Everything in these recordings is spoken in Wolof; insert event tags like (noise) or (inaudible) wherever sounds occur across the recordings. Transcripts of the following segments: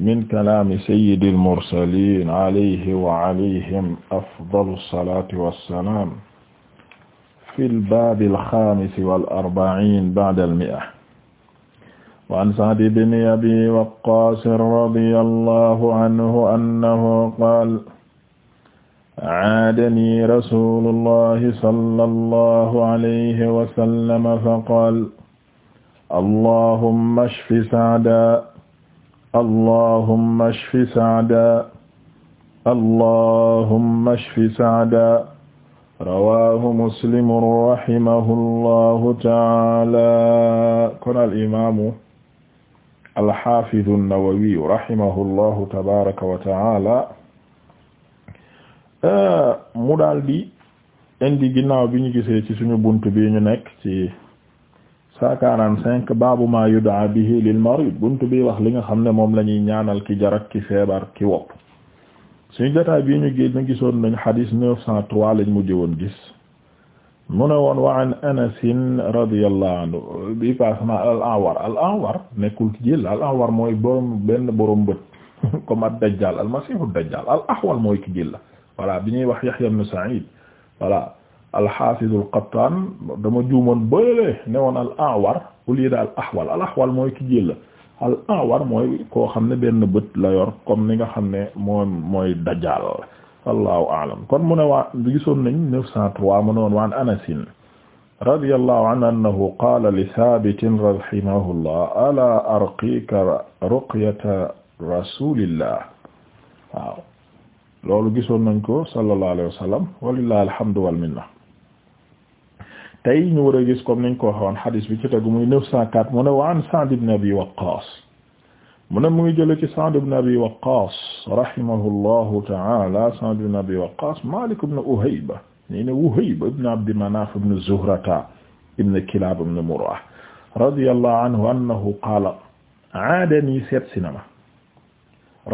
min kalaami sayyidil mursaliin alayhi wa alayhim afdalu salaati wa salaam fil baabil xaamisi wal arba'iin ba'dal mi'a. wa an Sa'di bni Abi Waqqaas radiyallaahu anhu annahu qaala caadanii rasuulullaahi sallallaahu alayhi wa sallam faqaala allahumma shfi Sa'daa allahumma ashfi saada allahumma ashfi saada rawaahu muslimun rahimahullahu taala kon al imaamu alxaafidu nawawi rahimahullahu tabaaraka wa taala mu daldi indi ginnaaw bi ñu gisee ci suñu bunt bi ñu nekk ci cent quarante cinq baabu ma yudaa bihi lil marid buntu bi wax li nga xam ne moom la ñuy ñaanal ki jarak ki feebar ki wopp suñu jotaay bii ñu génn gisoon nañ xadis neuf cent trois lañ mujj woon gis mu ne woon wa an Anas radiyallahu anhu bi passement al Anwar al Anwar nekkul ki jël al Anwar mooy borom benn borom bët (laughs) comme ad dajjal al masihu dajjal al ahwal mooy ki jël la voilà bi ñuy wax Yahya ibn Sa'id voilà al-Hafiz al-Qattan dama juumoon bële ne woon al-A'war au lieu de al-Ahwal al-Ahwal mooy ki jéel al-A'war mooy koo xam ne benn bët la yor comme ni nga xam ne moom mooy Dajjal wallahu a'lam kon mu ne waa gisoon nañ 903 mu ne woon waan Anasin radiyallahu anhu annahu qaala li Thaabitin rahimahullah alaa arqiika ruqyata rasulillah waaw loolu gisoon nañ ko sallallahu alayhi wa sallam walillahi alhamdu wal minna tey ñu war a gis comme niñ ko waxoon xadis bi ci tegu muy 904 mu ne wa an Sa'd ibn Abi Waqqas mu ne mu ngi jële ci Sa'd ibn Abi Waqqas rahimahullahu ta'ala Sa'd ibn Abi Waqqas Malik ibn Uhayba ni ne Uhayba ibn Abd Manaf ibn Zuhrata ibn Kilab ibn Murrah radiyallahu anhu annahu qaala aadani seet sinama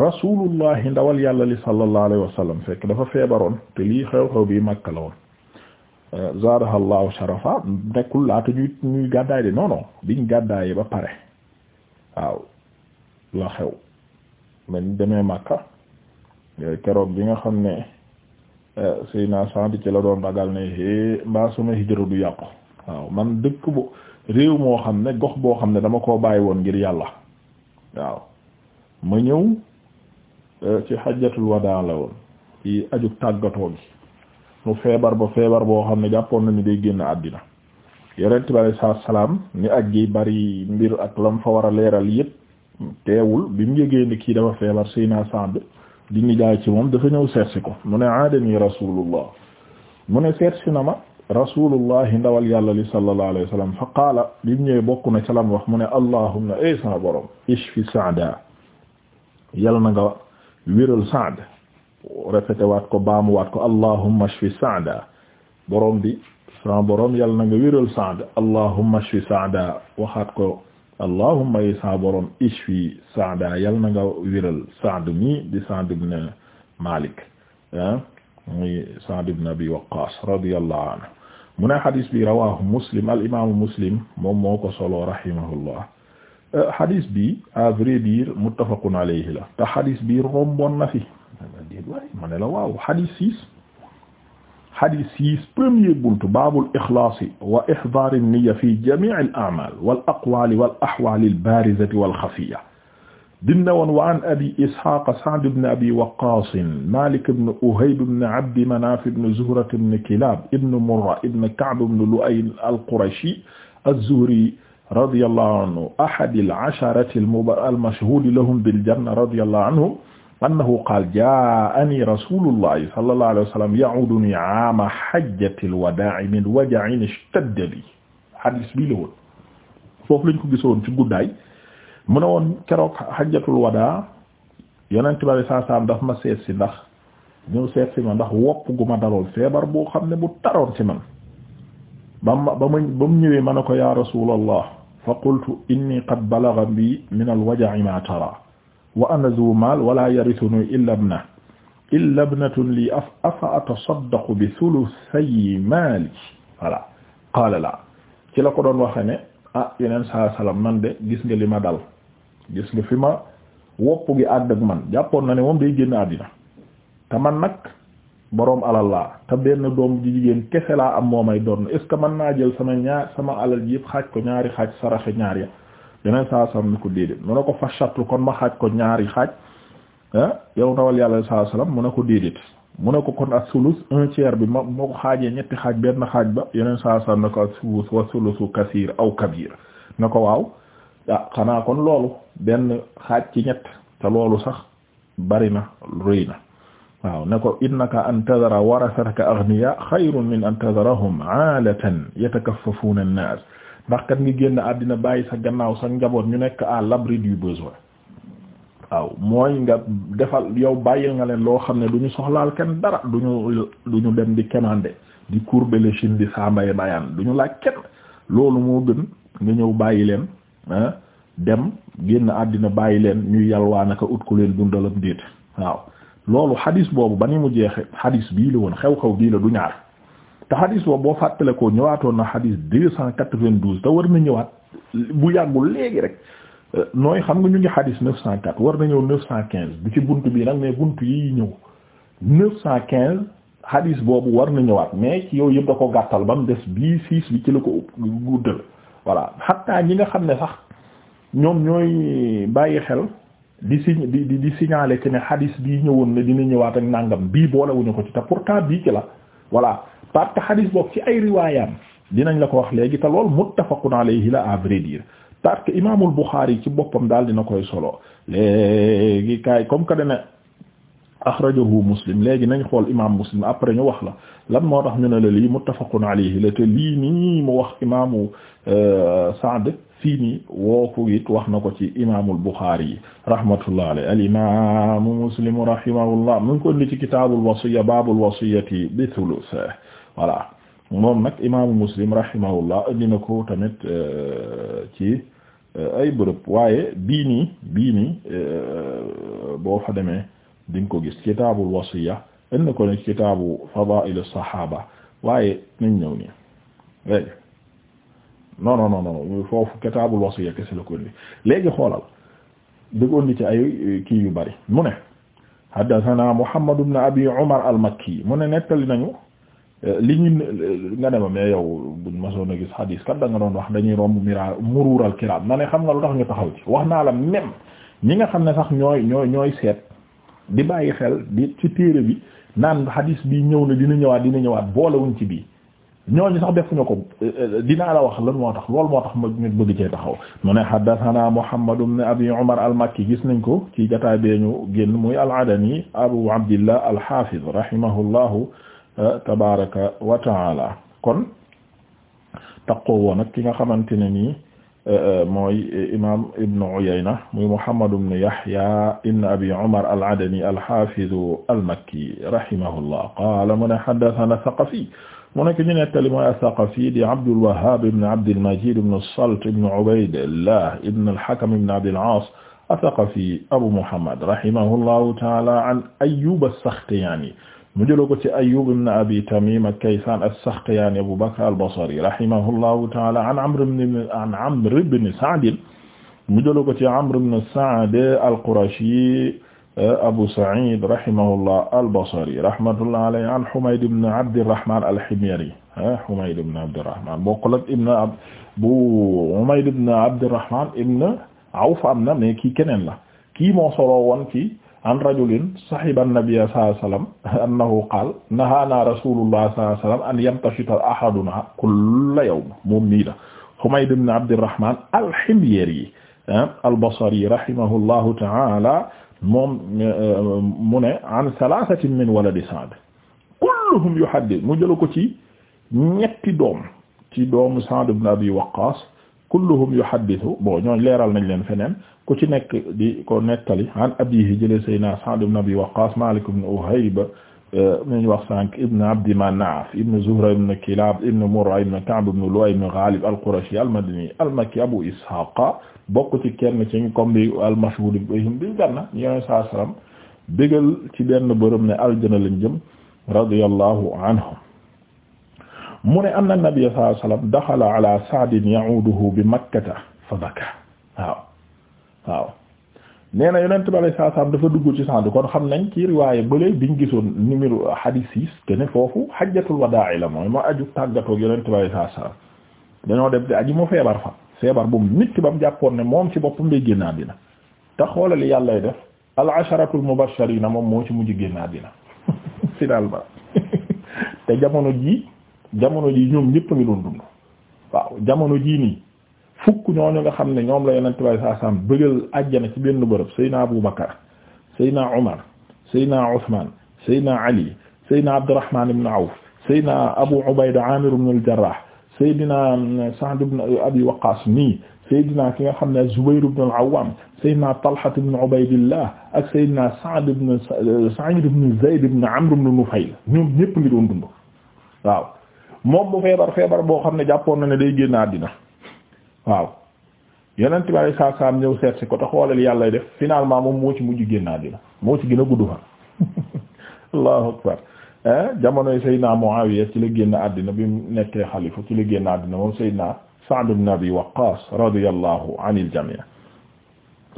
rasulullah ndawal yàlla li sallallahu alayhi wa sallam fekk dafa feebaroon te lii xew-xew bi Makka la woon zaadahallahu sharafa nekkul laata ñuy ñuy gàddaay de non biñ gàddaayee ba pare waaw la xew man demee Makka keroog bi nga xam ne eh, Seydina Saadi ci la doon ragal ne hee mbaa sama hijra du yàqu waaw man dëkk bu réew moo xam ne gox boo xam ne dama ko bàyyi woon ngir yàlla waaw ma ñëw eh, ci xajjatul wadaa la woon ci aju tàggatoo gi mu feebar ba feebar boo xam ne jàppoon na ni day génn àddina yonent bi alayhi salaatu salaam ni ak gi bari mbir ak lam fa war a leeral yëpp teewul bi mu yëgee ni kii dafa feebar Seyna Sa'd di nijaay ci moom dafa ñëw seetsi ko mu ne aadani rasulullah mu ne seetsi na ma rasulullah ndawal yàlla li sallallahu alayhi wa sallam fa qaala bi mu ñëwee bokk na ca wax mu ne allahumma ay sama borom ishfi Sa'da yal na nga wéral Sa'd répété waat ko baamu waat ko allahumma ashfi saada borom bi sa borom yàlla na nga wéral ashfi saada waxaat ko allahumma yi sa saada na nga wéral saad mi di saad ibn malik ah, saad ibn abi waqaas radiyallahu anhu mu ne xadis bi rawahu eh, fi déet waaye ma ne la waaw hadith six hadith six premier buntu baabul ikhlaasi wa ihdaari niyya fi jamii al a'maal wal aqwaali wal ahwaali al baarizati wal xafiya dina woon wa an abi ishaaq sa'd ibn abi waqqaas maalik ibn uhayb ibn abdi manaaf ibn zuhra ibn kilaab ibn murra ibn ka'b ibn lu'ay al qurashi az-zuhri radiyallahu anhu ahad al asharati al mashhuudi lahum bil janna radiyallahu anhum annahu qaal jaa'anii rasuulullahi sallallahu alayhi wa sallam ya'udunii aama hajjatil wadaa'i min waja'in ishtadda bi hadis bii la woon foofu lañ ko gisoon ci guddaay mu ne woon keroog hajjatul wadaa yonent bi saa saam daf ma seet si ndax ñëw seet si ma ndax wopp gu ma daloon feebar boo xam ne bu taroon si man ba ma ba ma ba mu ñëwee ma ne ko yaa rasuulallah fa qultu innii qad balagha bi min al waja'i ma tara wa ana zu maal wala yarithuni illa ibna illa ibnatun li af afa atasaddaqu bi thuluthay maali voilà qaala la ci la ko doon waxe ne ah yeneen saa salaam man de gis nga li ma dal gis nga fi ma wopp gi àdd ak man jàppoon na ne moom day génn àddina te man nag boroom alal laa te benn doom ji jigéen kese laa am moo may doon est ce que mën naa jël sama ñaar sama alal ji yëpp xaaj ko ñaari xaaj saraxe ñaar ya yeneen saa salaam ni ko déedéet mu ne ko fashattu kon ma xaaj ko ñaari xaaj eh? yow ndawal yàlla saa salaam mu ne ko déedéet mu ne ko kon a sulus un tiers bi ma moo xaajee ñetti xaaj benn xaaj ba yeneen saa ne ko ak sulus wa sulusu kasiir aw kabir ne ko waaw ah xanaa kon loolu benn xaaj ci ñett te loolu sax bari na rëy na waaw ne ko innaka an tadara warasataka aghniya xayrun min an tadarahum aalatan yatakaffafuuna an-naas ndax kat ngi génn àddina bàyyi sa gannaaw sa njaboot ñu nekk à l'abri du besoin waaw mooy nga defal yow bàyyil nga leen loo xam ne du ñu soxlaal kenn dara du ñu du ñu dem di kemande di courber l'échine di saa mbaye mbayaan du ñu laaj kenn loolu moo gën nga ñëw bàyyi leen ah, dem génn àddina bàyyi leen ñuy yalwaan ak ut ku leen dundalam déet waaw loolu xadis boobu ba ni mu jeexe xaddis bii la woon xew-xew bii la du ñaar te xadis boobu boo fàttale ko ñëwaatoon na xadis deux cent quatre-vingt-douze te war na ñëwaat bu yàggul léegi rek euh, nooy xam nga ñu ngi xadis neuf cent quatre war na ñëw neuf cent quinze bu ci bunt bii nag mais bunt yi ñëw neuf cent quinze xadis boobu war na ñëwaat mais yow yëpp da ko gàttal ba mu des bii siis bi ci la ko guddal voilà xataa ñi nga xam ne sax ñoom ñooy bàyyi xel di si di di di signaler que ne xadis bii ñëwoon na dina ñëwaat ak nàngam bii boolewuñu ko ci te pourtant bii ci la voilà parce que xadis boobu ci ay riwaayam dinañ la ko wax léegi te lool muttafaqun alayhi la à vrai dire parce que imaamul Buxaari ci boppam daal dina koy solo léegi kaay comme que dana axrajahu muslim léegi nañ xool imaam muslim après ñu wax la lan moo tax ñu ne la lii muttafaqun alayhi la te lii nii mu wax imaamu euh, Saad fii nii woo ko it wax na ko ci imaamul Buxaari rahmatullah alayhi al imaamu muslim rahimahullah mu ngi ko indi ci kitaabul wasiyya baabul wasiyyati bi thuluth voilà moom nag imaamu muslim rahimahullah indi na ko tamit euh, ci euh, ay bërëb waaye bii nii bii nii euh, boo fa demee di ko gis kitaabul wasiya indi na ko ne kitaabu fadaa'il as-sahaaba waaye nañ ñëw nii léegi non non non non foofu kitaabul wasiya kese la ko indi léegi xoolal di indi ci ay kii yu bari mu ne haddathana Muhammad ibn Abi Umar al-Makki mu ne nettali nañu. li ñu nga ne ma mais yow buñ masoon a gis xadiis kat da nga doon wax dañuy romb mira muruural kiraam na ne xam nga lu tax ñu taxaw ci wax naa la même ñi nga xam ne sax ñooy ñooy ñooy seet di bàyyi xel di ci téere bi naan xadiis bi ñëw na dina ñëwaat dina ñëwaat boolewuñ ci bii ñooñu sax defuñu ko eh, eh, dinaa la wax lan moo tax loolu moo tax ma ñu bëgg cee taxaw mu ne haddathana Muhammad ibn Abi Umar al-Makki gis nañ ko ci jotaay bee ñu génn muy al-Adani Abu Abdillah al-Hafiz rahimahullahu tabaraka wa taala kon taqoo woon ak ki nga xamante ne nii eh, eh, mooy eh, imam ibnu Uyayna muy Muhammad ibn Yahya ibn abi Umar al-Adani al-Hafiz al-Makki rahimahullah qaala mu ne haddathana Thaqafi mu nekk ñu nettali mooy Ath-Thaqafi di Abdul Wahhab ibn Abdil Majid ibn Salt ibn Ubaydillah ibn al-Hakam ibn Abdil Aas Ath-Thaqafi Abu Muhammad rahimahullahu ta'ala an Ayyub as-Sakhtiyani mu jëloo ko ci Ayyub ibn Abi Tamim ak Kaysan as-Sakhtiyaani Abu Bakr al-Basri rahimahullahu ta'ala an Amr ibn an Amr ibn Sa'd mu jëloo ko ci Amr ibn Sa'd al-Qurashi eh, Abu Sa'id rahimahullah al-Basri rahmatullah alayhi an Humayd ibn Abdirrahman al-Himyari eh, Humayd ibn Abdirrahman bokkul ak ibn bu Humayd ibn Abdirrahman ibn Awf am na mais kii keneen la kii moo solo woon ci an rajulin sahiba an-nabiyya sallallahu alayhi wasallam annahu qaala nahaana rasulullah sallallahu alayhi wasallam an yamtashita ahaduna kulla yawm moom nii la Humayd ibn Abdirrahman al-Himyari ah, al-Basri rahimahullahu ta'ala moom mu ne an thalathatin min waladi Sa'd kulluhum yuhaddith mu jël ko ci ñetti doom ci doomu Sa'd ibn Abi Waqqas kulluhum yuhaddithu bon ñooñ leeral nañ leen feneen ku ci nekk di ko nettali an abihi jële sayna Sa'd ibn Abi Waqqas Malik ibn Uhayb ñu wax sànq ibn Abdi Manaf ibn Zuhra ibn Kilab ibn Murra ibn Ka'b ibn Lu'ay ibn Ghalib al-Qurashi al-Madani al-Makki Abu Ishaq bokk ci kenn ci ñu comme bi al-mashhur bihim bi janna ñoo sa sallam bégal ci benn bërëm ne aljana lañ jëm radiyallahu anhum mu ne anna nabiyya sallallahu alayhi wasallam daxala ala Sa'din ya'uduhu bi makkata fa baka waaw waaw nee na yonent bi sallallahu alayhi wasallam dafa dugg ci Sa'd kon xam nañ ci riwaaye bële ñu gisoon numéro hadith six te ne foofu hajjatul wadaa la mooy ma aju tàggatoo ak yonent bi sallallahu alayhi wasallam dañoo dem di aji mu feebar fa feebar bu mu nit ba mu jàppoon ne moom ci boppam day génn àddina te xoolal yàllay def al asharatul mubashirina moom moo ci mujj génn àddina (laughs) finalement (laughs) te jamono ji ñoom ñëpp a ngi doon dund waaw jamono jii nii fukk ñooñu nga xam ne ñoom la yonent bi saa saam bëggal àjjana ci benn bërëb Seydina Abu Bakar Seydina Umar Seydina Usmaan Seydina Ali Seydina Abdurrahmaan ibn Awf Seydina Abu Ubayda Aamir ibn al-Jarraah Seydina Sa'd ibn Abi Waqqaas nii Seydina ki nga xam ne Zubayr ibn al-Awwaam Seydina Talha ibn Ubaydillah ak Seydina Sa'd ibn Sa'id ibn Zayd ibn Amr ibn Nufayl ñoom ñëpp ngi doon dund waaw moom mu feebar feebar boo xam ne jàppoon na ne day génn àddina waaw yeneen tubaab yi saa saa am ñëw seet si ko te xoolal yàlla def finalement moom moo ci mujj génn àddina moo ci gën a gudd fan (laughs) allahu akbar eh, jamonoy Seydina Muawiya ci la génn àddina bi mu nekkee xalifa ci la génn àddina moom Seydina Sa'd ibn Abi Waqqas radiyallahu anil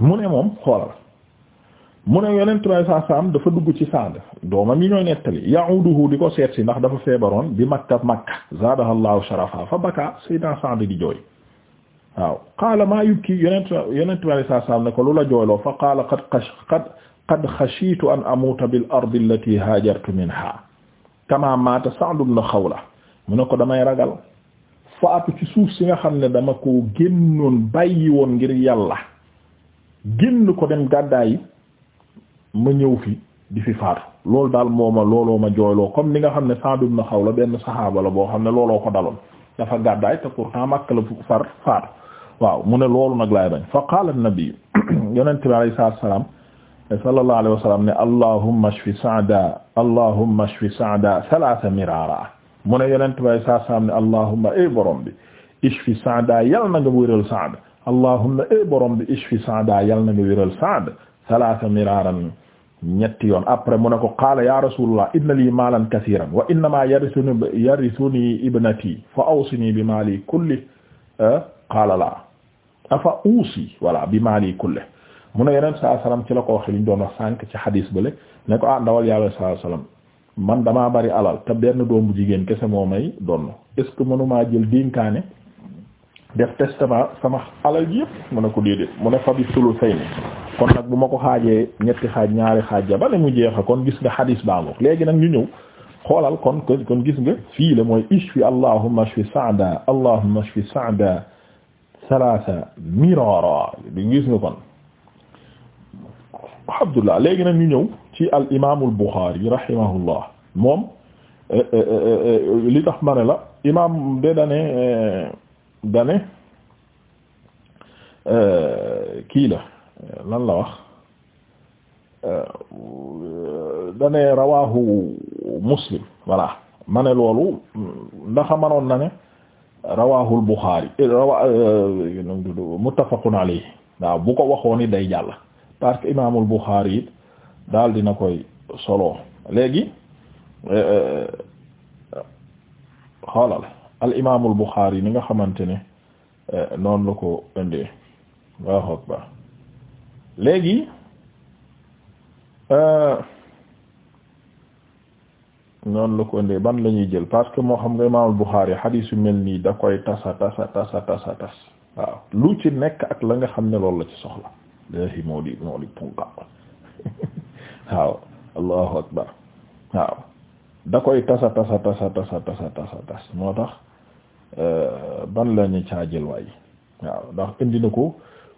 mu ne moom xoolal. mu ne yonent bi saa saam dafa dugg ci Saad doomam yi ñooy nettali ya'uduhu di ko seet si ndax dafa feebaroon bi Makka Makka zaadahallahu sharafa fa baka sayyidina Saad di jooy waaw qaala maa yubki yonent yonent bi saa saam ne ko lu la jooyloo fa qaala qad qad an amuuta bil ardi allati haajartu minhaa kamaa maata Sa'd ibn Xawla mu ne ko damay ragal faatu ci suuf si nga xam ne dama ko génnoon bàyyi woon ngir yàlla génn ko dem gàddaay ma ñëw fi di fi faatu loolu daal moo ma looloo ma jooyloo comme ni nga xam ne Sa'd ibn Khawla benn saxaaba la boo xam ne looloo ko daloon dafa gàddaay te pourtant Makka la far faatu waaw mu ne loolu nag laay bañ fa qaala an-nabi (coughs) yonente bi alayhi salaatu wa salaam sallallahu alayhi wa sallam ne allahumma shfi Sa'da allahumma shfi Sa'da salaasa miraara mu ne yonente bi alayhi salaatu wa salaam ne allahumma ay borom bi ishfi Sa'da yal na nga wéral Sa'd allahumma ay borom bi ishfi yal na nga wéral Sa'd salaasa miraaran ñetti yoon après mu ne ko qaala ya rasulullah inna lii maalan kasiiran wa innama yarisuni yarisuni ibnati fa awsini bi maali kulli eh? qaala la afa uusi wala bi maali kulli mu yenen yeneen ci la ko waxee li ñu doon wax sànq ci xadiis bële ne ko ah ndawal yàlla saa salaam man damaa bari alal te benn doomu jigéen kese mo may doon est ce que mënumaa jël dénkaane def testament sama alal ji yëpp ko déedéet mu ne fabi sulu say kon nag bu ma ko xaajee ñetti xaaj ñaari xaaj ba ne mu jeexa kon gis nga xadis baangook léegi nag ñu ñëw xoolal kon kon gis nga fii la mooy ishfi allahumma ishfi saada allahumma ishfi saada salaasa mirara di gis nga kon alhamdulillah léegi nag ñu ñëw ci al imaamul Buxaari rahimahullah moom eh, eh, eh, li tax ma ne dane euh, kii la lan la wax euh, dane rawaahu muslim voilà ma ne loolu ndaxa manoon na ne rawaahul Buxaari rawa euh, muttafaqun alayhi waaw bu ko waxoon it day jàll parce que imaamul Buxaari it daal dina koy solo léegi xoolal al imaamul Buxaari ni nga xamante ne eh, noonu la ko indee waaw akbar léegi eh, noonu la ko indee ban la ñuy jël parce que moo xam nga imaamul Buxaari xadiis yu mel nii da koy tasa tasa tasa tasa tas waaw lu ci nekk ak la nga xam ne loolu la ci soxla léegi moo di moo di punka waaw allahu akbar waaw da koy tasa tasa tasa tasa tasa tasa tas moo tax Euh, ban la caajël waay waaw ndax indi na ko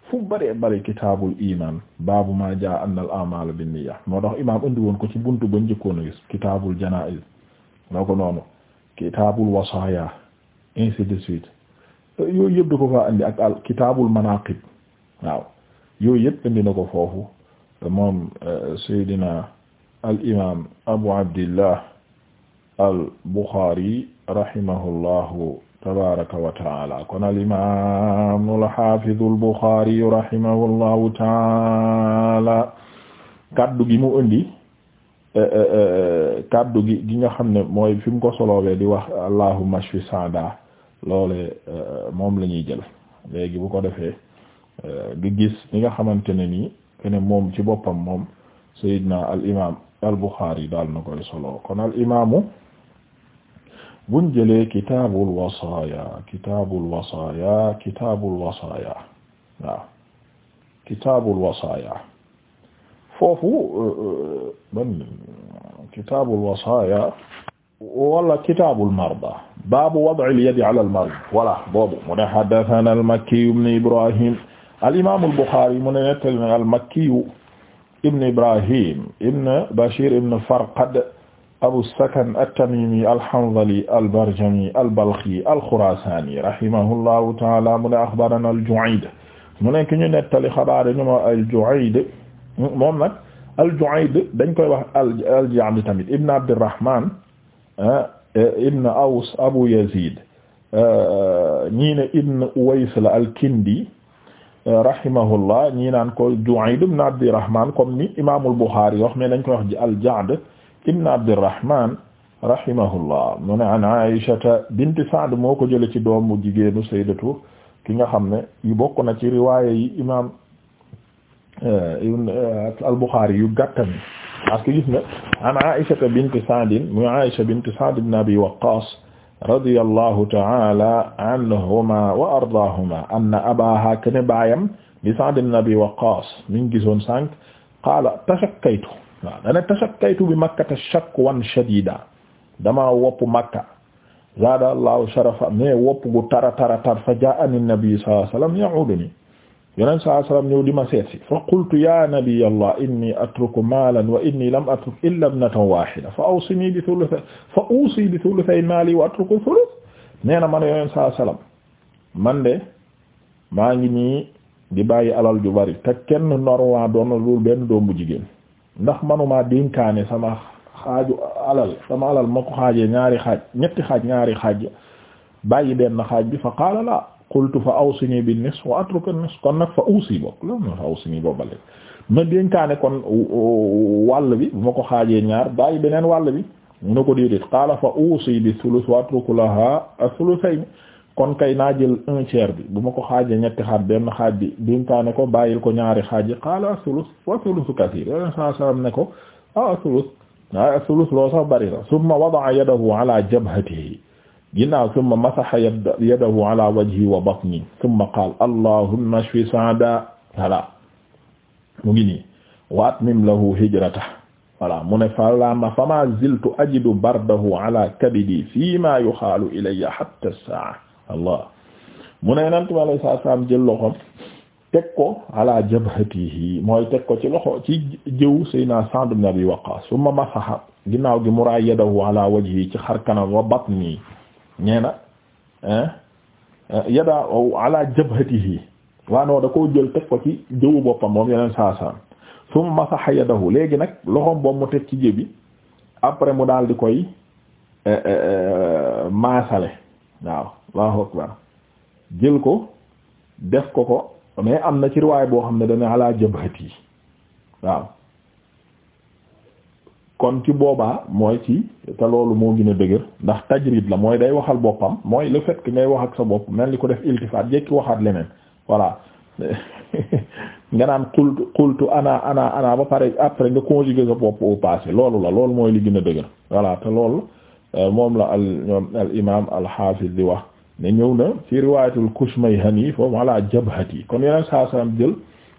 fu bëree bëri kitaabul iman baabu ma jaa anna al binniya moo tax imaam indi woon ko ci buntu ba njëkkoon a gis kitaabul janaiz na ko noonu kitaabul wasaaya ainsi de suite yooyu yëpp ko fa andi ak al kitaabul manaqib waaw yooyu yëpp na ko foofu te moom euh, Seydina al imaam Abu Abdillah al Bukhari rahimahullahu tabaraka wa taala kon alimamu alhafidu albuxaari rahimahullahu taala kaddu gi mu indi e, e, e, kaddu gi gi nga xam ne mooy fi mu ko solowee di wax allahumma shfi saada loole moom lañuy jël léegi bu ko defee gi gis li nga xamante ne nii kene moom ci boppam moom sayidna al imam al buxaari daal na koy solo kon al buñ jëlee kitaabul wasaaya kitaabul wasaaya kitaabul wasaaya waaw kitaabul wasaaya foofu euh, euh, ban kitaabul wasaaya wala kitaabul marda baabu wad'il yadi ala al marid voilà boobu mu ne haddathana al makki ibn ibrahim al imam al bukhari mu ne nettali al makki ibn ibrahim ibn bashir ibn farqad abu sakan at-tamimi al-hanzali al-barjami al-balkhi al-khurasani rahimahullahu ta'ala mu ne akhbarana al-ju'ayd mu ne ki ñu nettali xabaar ñu ma al-ju'ayd moom nag al-ju'ayd dañ koy wax al-ja'd tamit ibn abdirrahman eh, ibn aws abu yazid eh, ñii ne ibn uways la al-kindi eh, rahimahullah ñii naan ko ju'ayd ibn abdirrahman comme ni imaamul buxaari wax mais dañ koy wax al-ja'd ibn Abdirrahman rahimahullah mu ne an Aïshata binti Sa'd moo ko jële ci doomu jigéenu sayyidatu ki nga xam ne yu bokk na ci riwaaya yi imaam eh, eh, al-Bukhari yu gàttan parce que gis na an Aïshata binti Sa'd mu Aïsha binti Sa'd ibn Abi Waqqas radiyallahu ta'ala anhuma wa ardaahuma anna abaaha kaana baayam di Sa'd ibn Abi Waqqas mi ngi gisoon sànq qaala tashakkaytu waaw tashakkaytu bi makkata shakwan shadida dama wopp makka zaada allahu sharafa mais wopp gu tara tara tar fa a nabi sallallahu alayhi wasallam ya'uduni yonent sallallahu alayhi ma seetsi fa qultu ya nabiy inni atruku maalan wa inni lam atruk illa ibnatan wahida fa awsini bi thuluthi fa wa atruku thuluth nee man yonent sallallahu alayhi wasallam man de ngi nii di bàyyi alal ju bari te kenn norwa doon na loolu benn doom bu jigéen ndax manuma dénkaane sama xaaju alal sama alal moo ko xaajee ñaari xaaj ñetti xaaj ñaari xaaj bàyyi benn xaaj bi fa qaala la qultu fa awsini bin nisf wa atruku nisf kon nag fa awsi bokk la ma fa awsini boobale ma dénkaane kon wàll bi ma ko xaajee ñaar bàyyi beneen wàll bi mu ne ko déedéet qaala fa awsi bi thuluth wa atruku laha thuluthayn kon kay naa jël un tiers bi bu ma ko xaajee ñetti xaaj benn xaaj bi dénkaane ko bàyyil ko ñaari xaaj yi qaala sulus wa sulusu kasiir yoneen saa sallam ne ko ah sulus ah sulus loo sax bari la summa wada'a yadahu ala jabhatihi ginnaaw summa masaha yadahu ala wajhi wa batni summa qaala allahumma shfi sa'da voilà mu ngi nii wa atmim lahu hijrata voilà mu ne falama fama ziltu ajidu bardahu ala kabidi fima yuxaalu ilayya hatta as-sa'a allah mu ne nantu alay saa saam jël loxom teg ko ala jabhatihi mooy teg ko ci loxo ci jëw sayna Sa'd ibn Abi Waqqas summa masaha ginnaaw gi mu raay yadahu ala wajhi ci xar kanam wa batni nee na yada ala jabhatihi waa noo da koo jël teg ko ci jëwu boppam moom yeneen saa saam summa masaha yadahu léegi nag loxom boobu mu teg ci jëbi après mu daal di koy eh, eh, eh, maasale waaw Allahu akbar jël ko def ko ko mais am na ci riwaay boo xam ne dana ala jabhati yi waaw kon ci boobaa mooy ci te loolu moo gën a dëgër ndax tajrid la mooy day waxal boppam mooy le fait que ngay wax ak sa bopp mel ni ko def iltifaat jekki waxaat leneen voilà (laughs) nga naan qultu qultu ana ana ana ba pare après nga conjuguer sa bopp au passé loolu la loolu mooy li gën a dëgër voilà te loolu Euh, moom la al imaam al xaafiz di wax ne ñëw na ci riwaayatul Kushmayhani foofu ala jabhati kon yeneen saa jël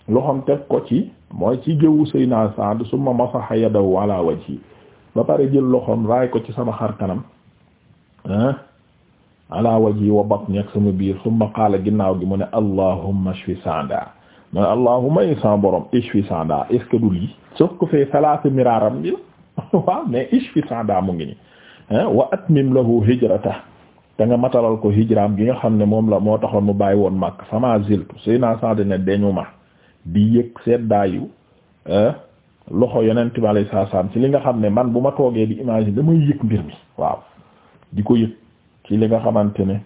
loxoom teg ko ci mooy ci jëwu Seydina Saad summa masaha yadahu ala wajhi ba pare jël loxoom raay ko ci sama xarkanam kanam ah ala wajhi wa batni ak sama biir summa ginnaaw gi mu borom ishfi Saada est-ce que du lii. miraaram bi (laughs) waaw mais ishfi Saada mu ngi nii. wa atmim lahu hijrata da nga matalal ko hijraam gi nga xam ne moom la moo taxoon mu bàyyi woon mag sama ziltu sëy na sax ne deñu ma di yëg seddaayu loxo yeneen bi alayhi salaam ci li nga xam ne man bu ma toogee di imagine damay yëg mbir mi waaw di ko yëg ci li nga xamante ne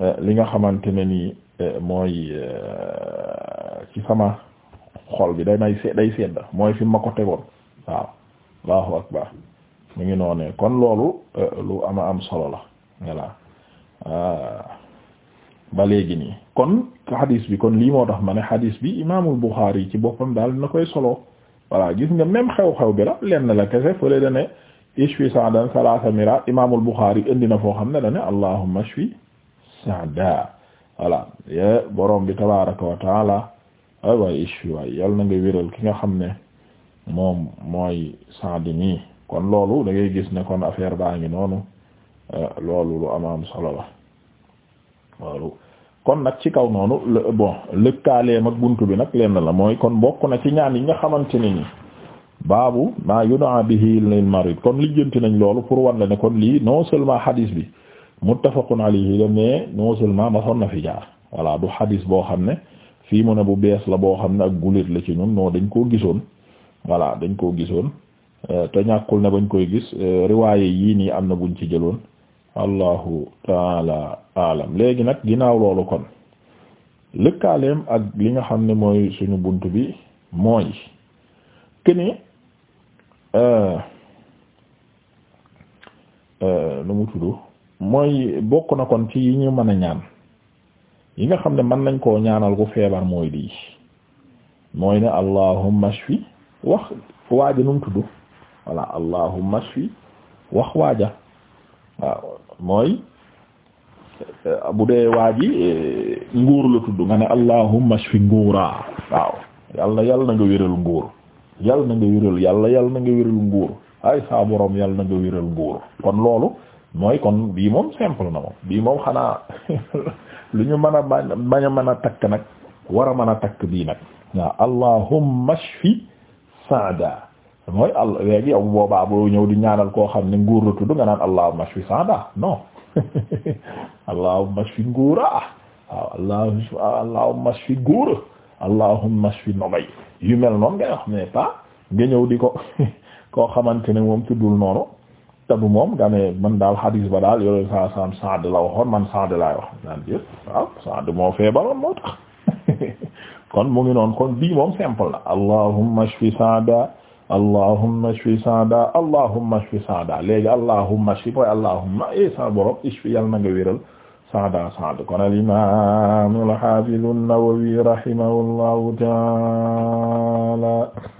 eh, li nga xamante ne nii eh, mooy eh, ci sama xol bi day may mooy fi ma ko tegoon waaw allahu akbar mu ngi noonee kon loolu euh, lu ama am solo la voilà euh, ba léegi nii kon hadis bi kon lii moo tax ma ne hadis bi imaamul Buxaari ci boppam daal dina koy solo voilà gis nga même xew-xew bi la leen la kese fële da ne ishfi sa'dan salaasa mira imaamul Buxaari indi na foo xam ne da ne allahumma ishfi sa'da voilà ye borom bi tabaaraka wa taala ay waay ishfi waay yal na nga wéral ki nga xam ne moom mooy Sa'd nii kon loolu dangay gis ne kon affaire baa ngi noonu euh, loolu lu am am solo la loolu kon nag ci kaw noonu bon lëkkaaleem ak buntu bi nag lenn la mooy kon bokk na ci ñaan yi nga xamante ne ni baabu maa yud'a bihi lil marid kon lijjanti nañ loolu pour wan la ne kon lii non seulement hadis bi muttafaqun alayhi la mais non seulement masoon na fi jaar voilà du hadis boo xam ne fii mu ne bu bees la boo xam ne ak gulit la ci ñun non dañ koo gisoon voilà dañ koo gisoon Euh, te ñàkkul ne bañ koy gis euh, riwaaye yii nii am na buñ ci jëloon allahu taala alam léegi nag ginnaaw loolu kon lëkkaaleem ak li nga xam ne mooy suñu bunt bi mooy këni euh, nu mu tudd mooy bokk na kon ci yi ñu mën a ñaan yi nga xam ne mën nañ koo ñaanal ku feebar mooy lii mooy ne allahumma shfi wax waaja nu mu tudd voilà allahumma shfi wax waaja waaw mooy euh, bu dee waaji euh, nguur la tudd nga ne allahumma shfi nguuraa waaw yàlla yàlla na nga wéral nguur yàlla na nga yàlla yàlla na nga wéral nguur ay saa borom yàlla na nga wéral nguur kon loolu mooy kon bii moom simple na moom bii moom xanaa (laughs) lu ñu mën a bañ a mën a takk nag war a mën a takk bii nag waaw allahumma shfi saada mooy all léegi yow boobaa boo ñëw di ñaanal koo xam ne nguur la tudd nga naan allahumma shfi saada non (laughs) allahumma shfi nguura waaw shfi nogay yu mel noonu ngay wax mais pas nga ñëw di ko (laughs) koo xamante ne moom tuddul noonu te moom nga ne man daal hadis ba daal yooyu saa saam la waxoon man Saad laay wax naan jël waaw Saad moo feebaroon moo tax (laughs) kon mu ngi noonu kon bii moom simple na allahumma shfi saada allahumma shfi saada allahumma shfi saada léegi allahumma shfi mooy allahumma e sa borom ishfi yal na nga wéral saada saada kon al imaam al haafiz an-Nawawi rahimahullahu taala